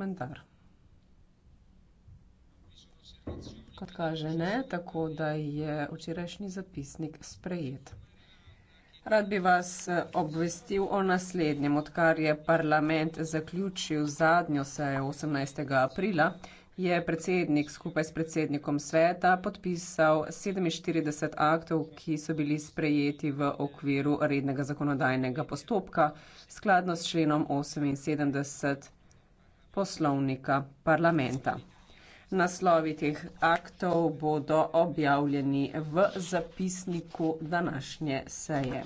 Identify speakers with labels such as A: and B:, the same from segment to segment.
A: komentar. Kot kaže ne, tako da je včerajšnji zapisnik sprejet. Rad bi vas eh, obvestil o naslednjem. Odkar je parlament zaključil zadnjo sejo 18. aprila, je predsednik skupaj s predsednikom sveta podpisal 47 aktov, ki so bili sprejeti v okviru rednega zakonodajnega postopka skladno s členom 78 poslovnika parlamenta. Naslovi teh aktov bodo objavljeni v zapisniku današnje seje.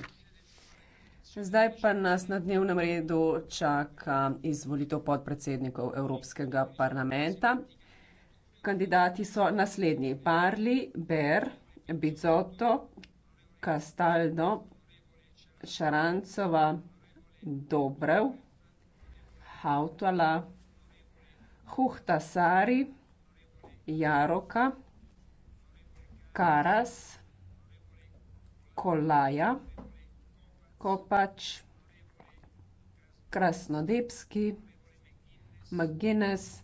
A: Zdaj pa nas na dnevnem redu čaka izvolitev podpredsednikov Evropskega parlamenta. Kandidati so naslednji: Parli, Ber, Bizotto, Castaldo, Šarancova, Dobrev, Hautala, Huhtasari, Jaroka, Karas, Kolaja, Kopač, Krasnodebski, McGuinness,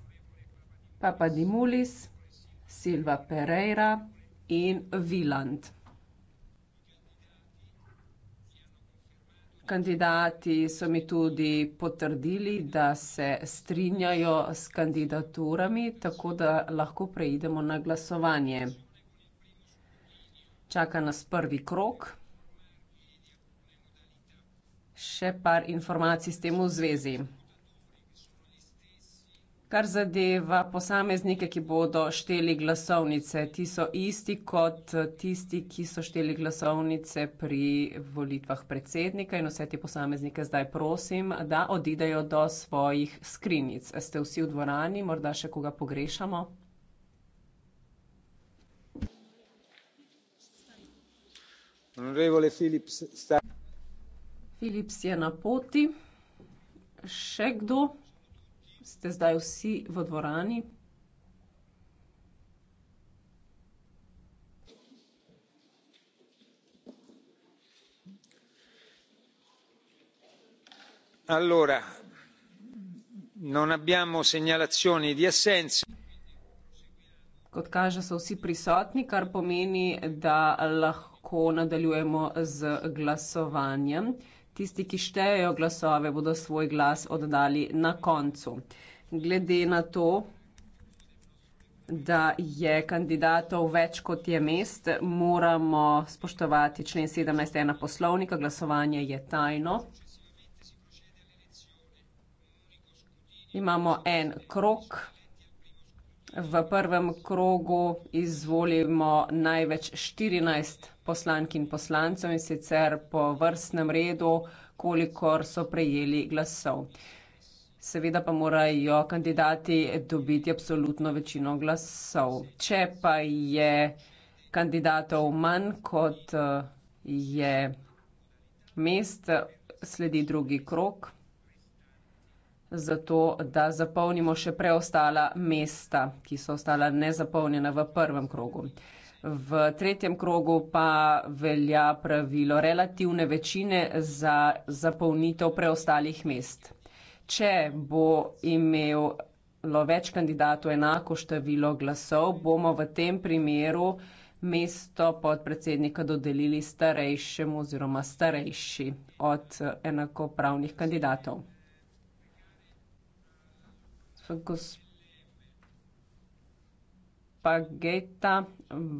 A: Papadimulis, Silva Pereira in Viland. Kandidati so mi tudi potrdili, da se strinjajo s kandidaturami, tako da lahko preidemo na glasovanje. Čaka nas prvi krok. Še par informacij s tem v zvezi. Kar zadeva posameznike, ki bodo šteli glasovnice, ti so isti kot tisti, ki so šteli glasovnice pri volitvah predsednika in vse te posameznike zdaj prosim, da odidejo do svojih skrinic. Ste vsi v dvorani, morda še koga pogrešamo? Philips je na poti. Še kdo? ste zdaj vsi v dvorani. Allora, non abbiamo segnalazioni di assenze. Kot kaže, so vsi prisotni, kar pomeni, da lahko nadaljujemo z glasovanjem. Tisti, ki štejejo glasove, bodo svoj glas oddali na koncu. Glede na to, da je kandidatov več kot je mest, moramo spoštovati člen 17.1 poslovnika. Glasovanje je tajno. Imamo en krok. V prvem krogu izvolimo največ 14 poslovnikov poslank in poslancev in sicer po vrstnem redu, kolikor so prejeli glasov. Seveda pa morajo kandidati dobiti absolutno večino glasov. Če pa je kandidatov manj kot je mest, sledi drugi krok, zato da zapolnimo še preostala mesta, ki so ostala nezapolnjena v prvem krogu. V tretjem krogu pa velja pravilo relativne večine za zapolnitev preostalih mest. Če bo imelo več kandidatov enako število glasov, bomo v tem primeru mesto podpredsednika dodelili starejšemu oziroma starejši od enakopravnih kandidatov. Gospod Spageta,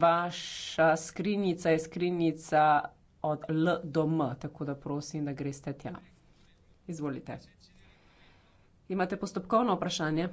A: vaša skrinjica je skrinjica od L do M, tako da prosim, da greste tja. Izvolite. Imate postopkovno vprašanje?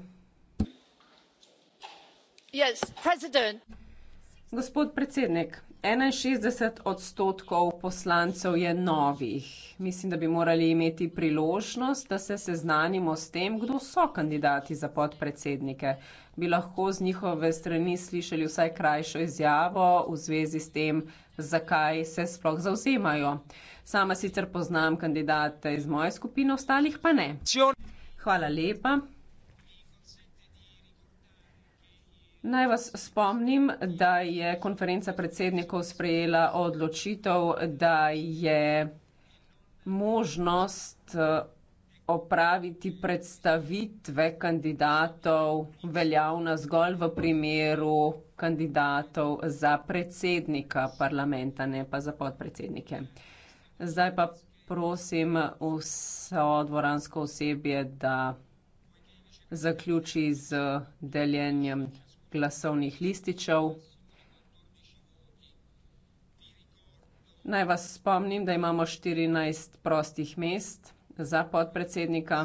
A: Gospod predsednik, 61 odstotkov poslancev je novih. Mislim, da bi morali imeti priložnost, da se seznanimo s tem, kdo so kandidati za podpredsednike. Bi lahko z njihove strani slišali vsaj krajšo izjavo v zvezi s tem, zakaj se sploh zauzemajo. Sama sicer poznam kandidate iz moje skupine, ostalih pa ne. Hvala lepa. Naj vas spomnim, da je konferenca predsednikov sprejela odločitev, da je možnost eh, opraviti predstavitve kandidatov veljavna zgolj v primeru kandidatov za predsednika parlamenta, ne pa za podpredsednike. Zdaj pa prosim vse odvoransko osebje, da zaključi z deljenjem glasovnih lističev. Naj vas spomnim, da imamo 14 prostih mest za podpredsednika.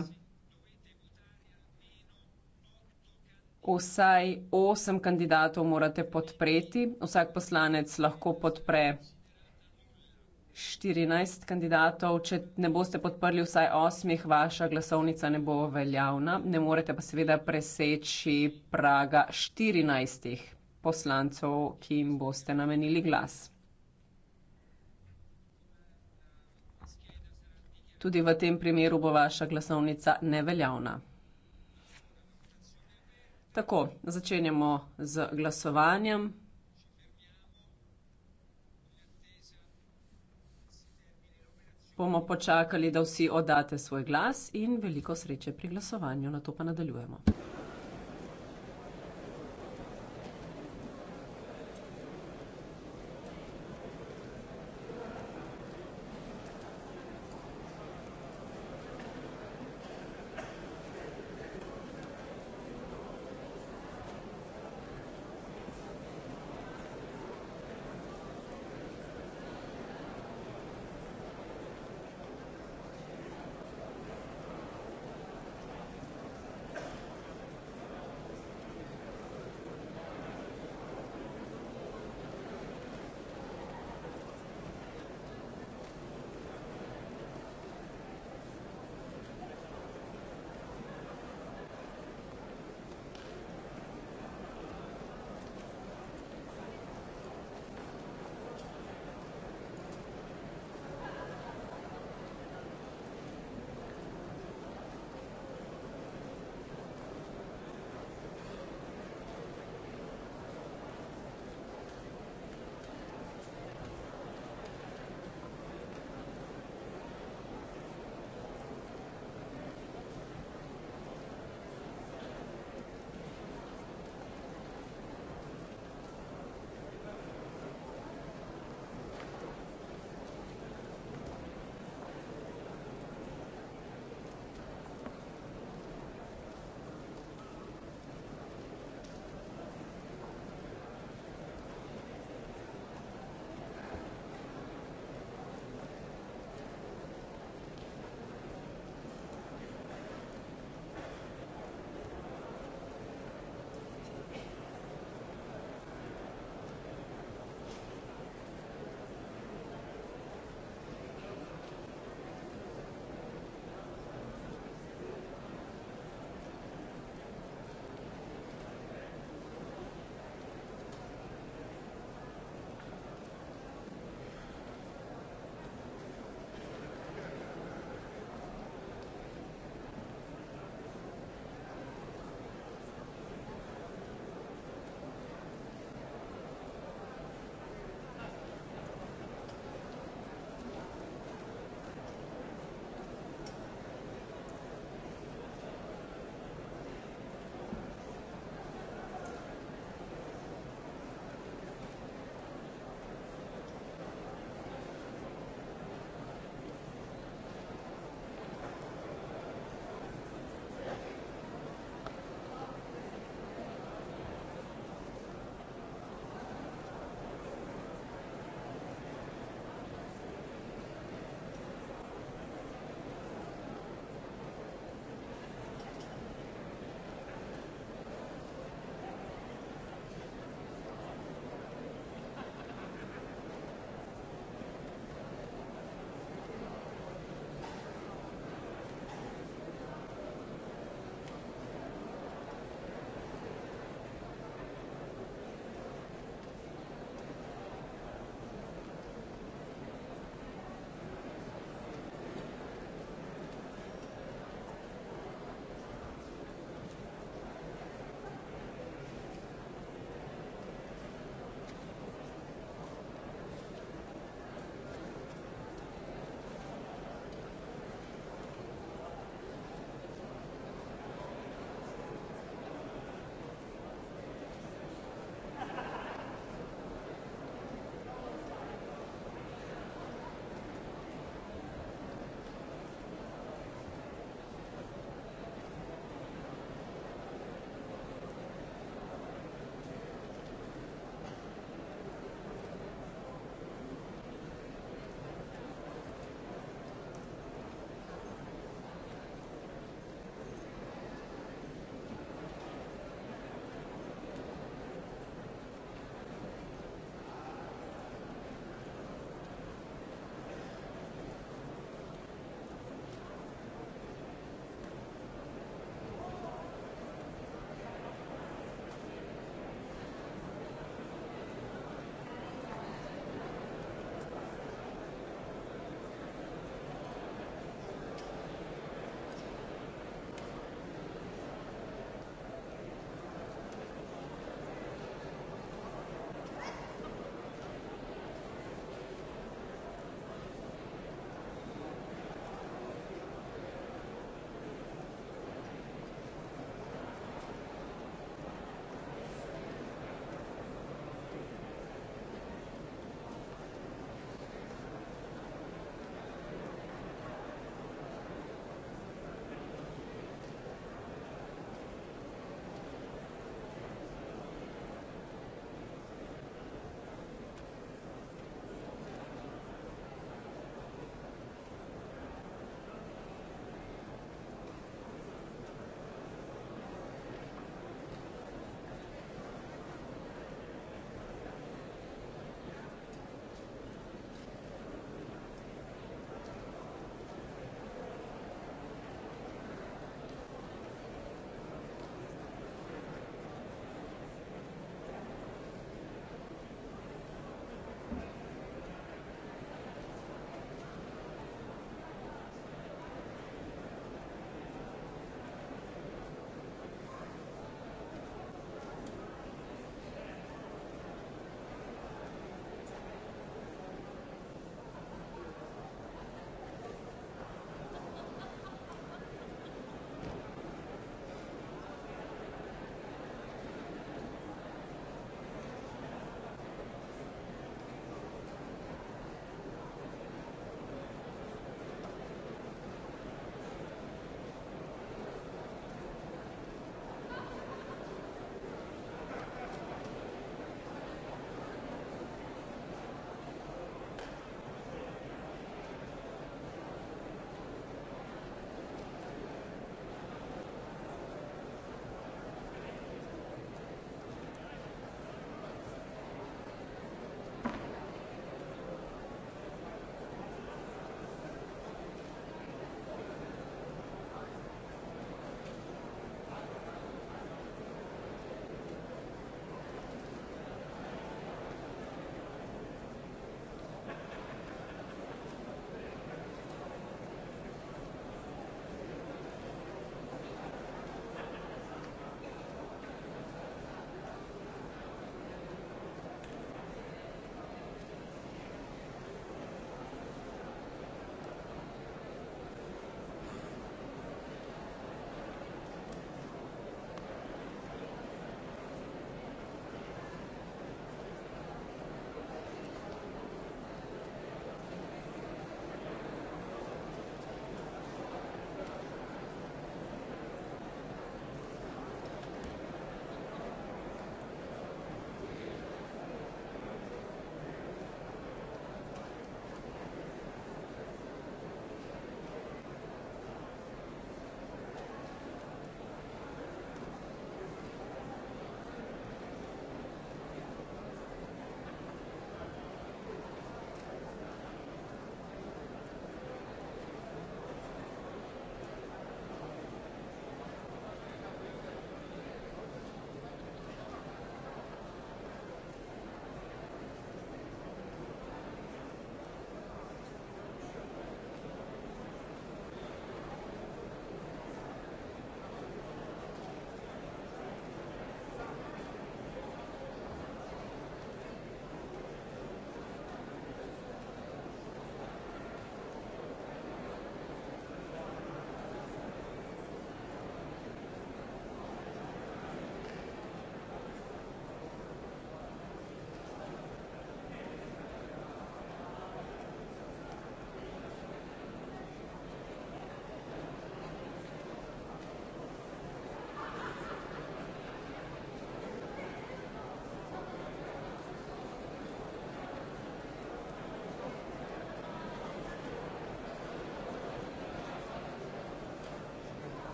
A: Vsaj 8 kandidatov morate podpreti. Vsak poslanec lahko podpre 14 kandidatov. Če ne boste podprli vsaj osmih, vaša glasovnica ne bo veljavna. Ne morete pa seveda preseči praga 14 poslancev, ki jim boste namenili glas. Tudi v tem primeru bo vaša glasovnica neveljavna. Tako, začenjamo z glasovanjem. bomo počakali, da vsi oddate svoj glas in veliko sreče pri glasovanju. Na to pa nadaljujemo.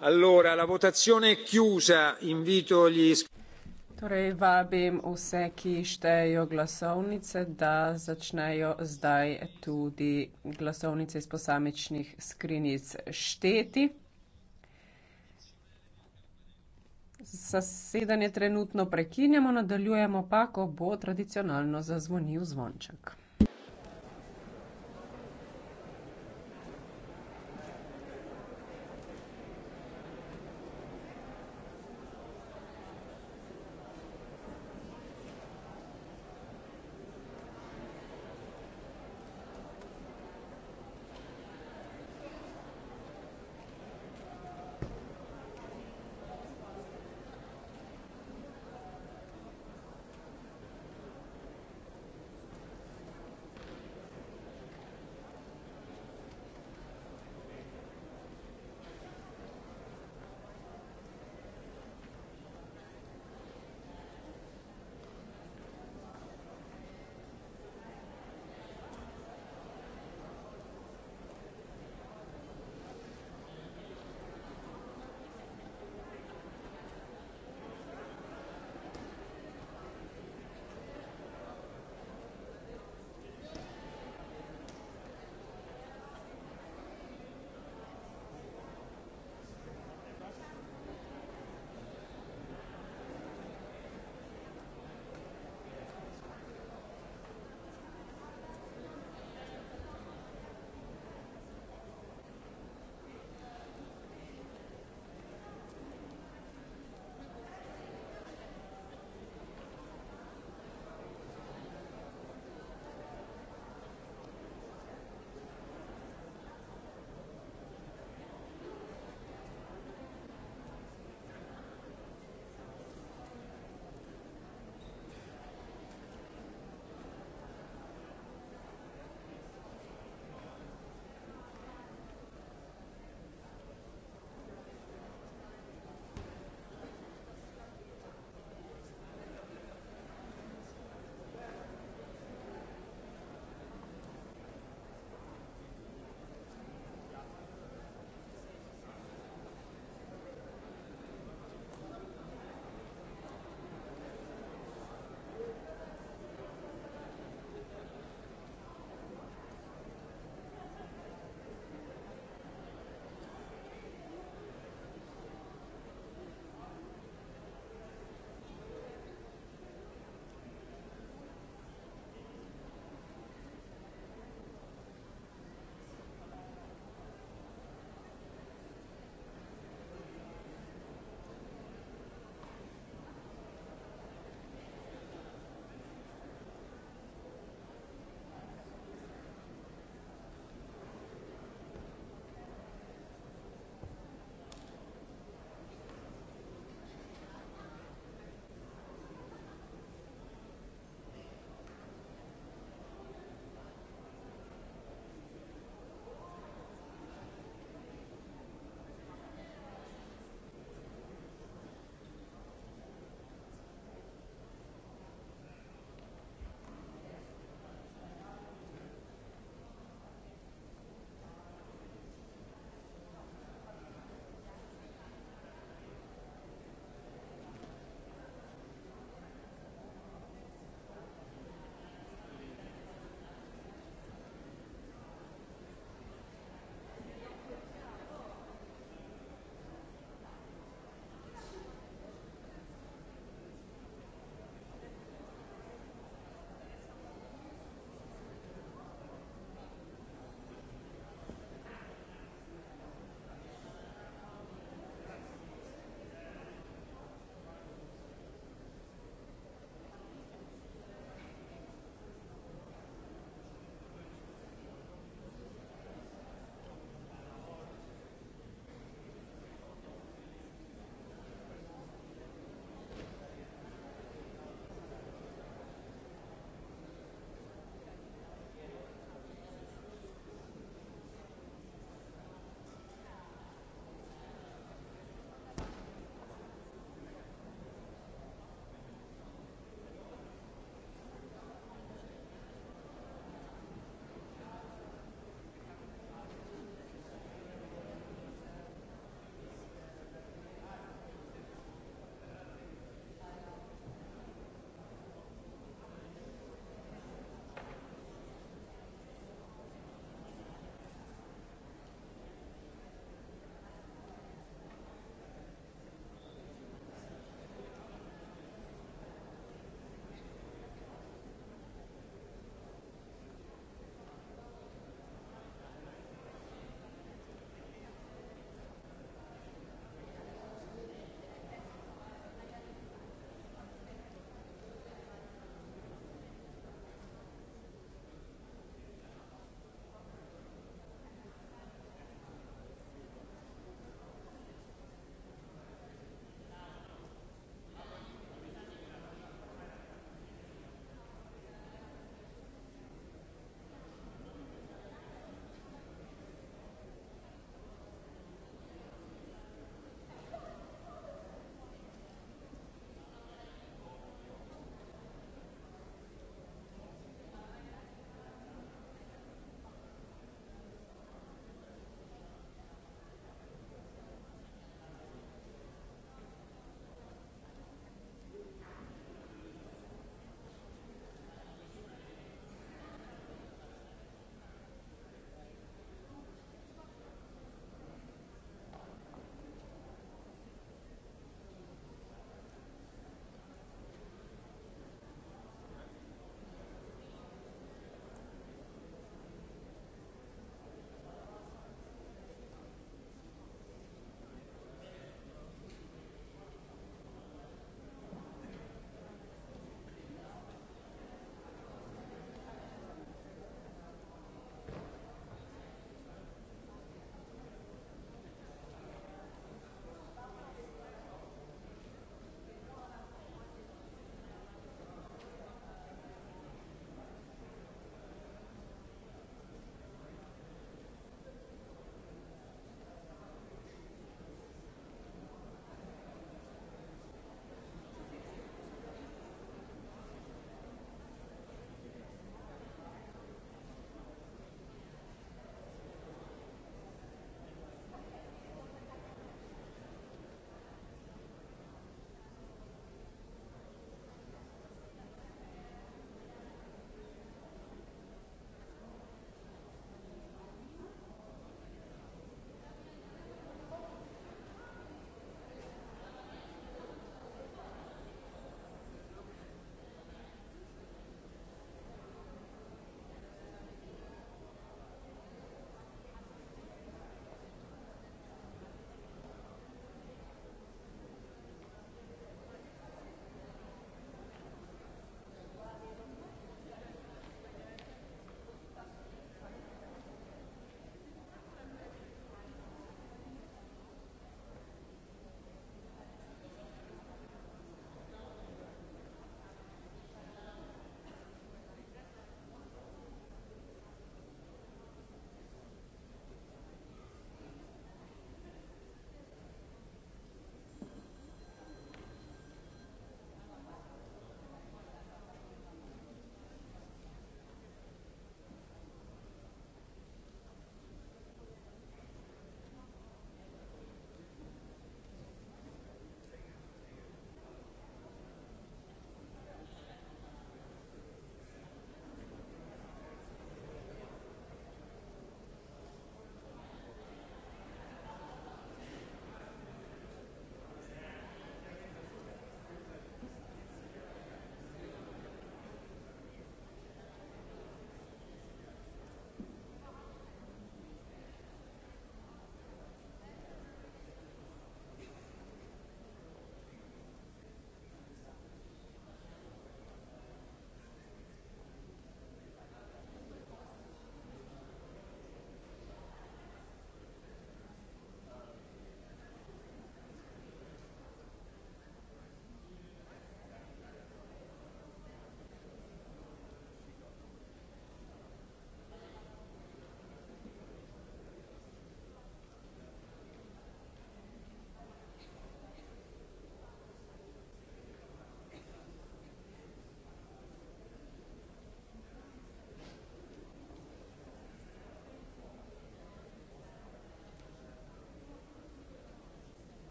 A: allora la votazione è chiusa invito gli torej vabim vse ki štejejo glasovnice da začnejo zdaj tudi glasovnice iz posamičnih skrinic šteti zasedanje trenutno prekinjamo nadaljujemo pa ko bo tradicionalno zazvonil zvonček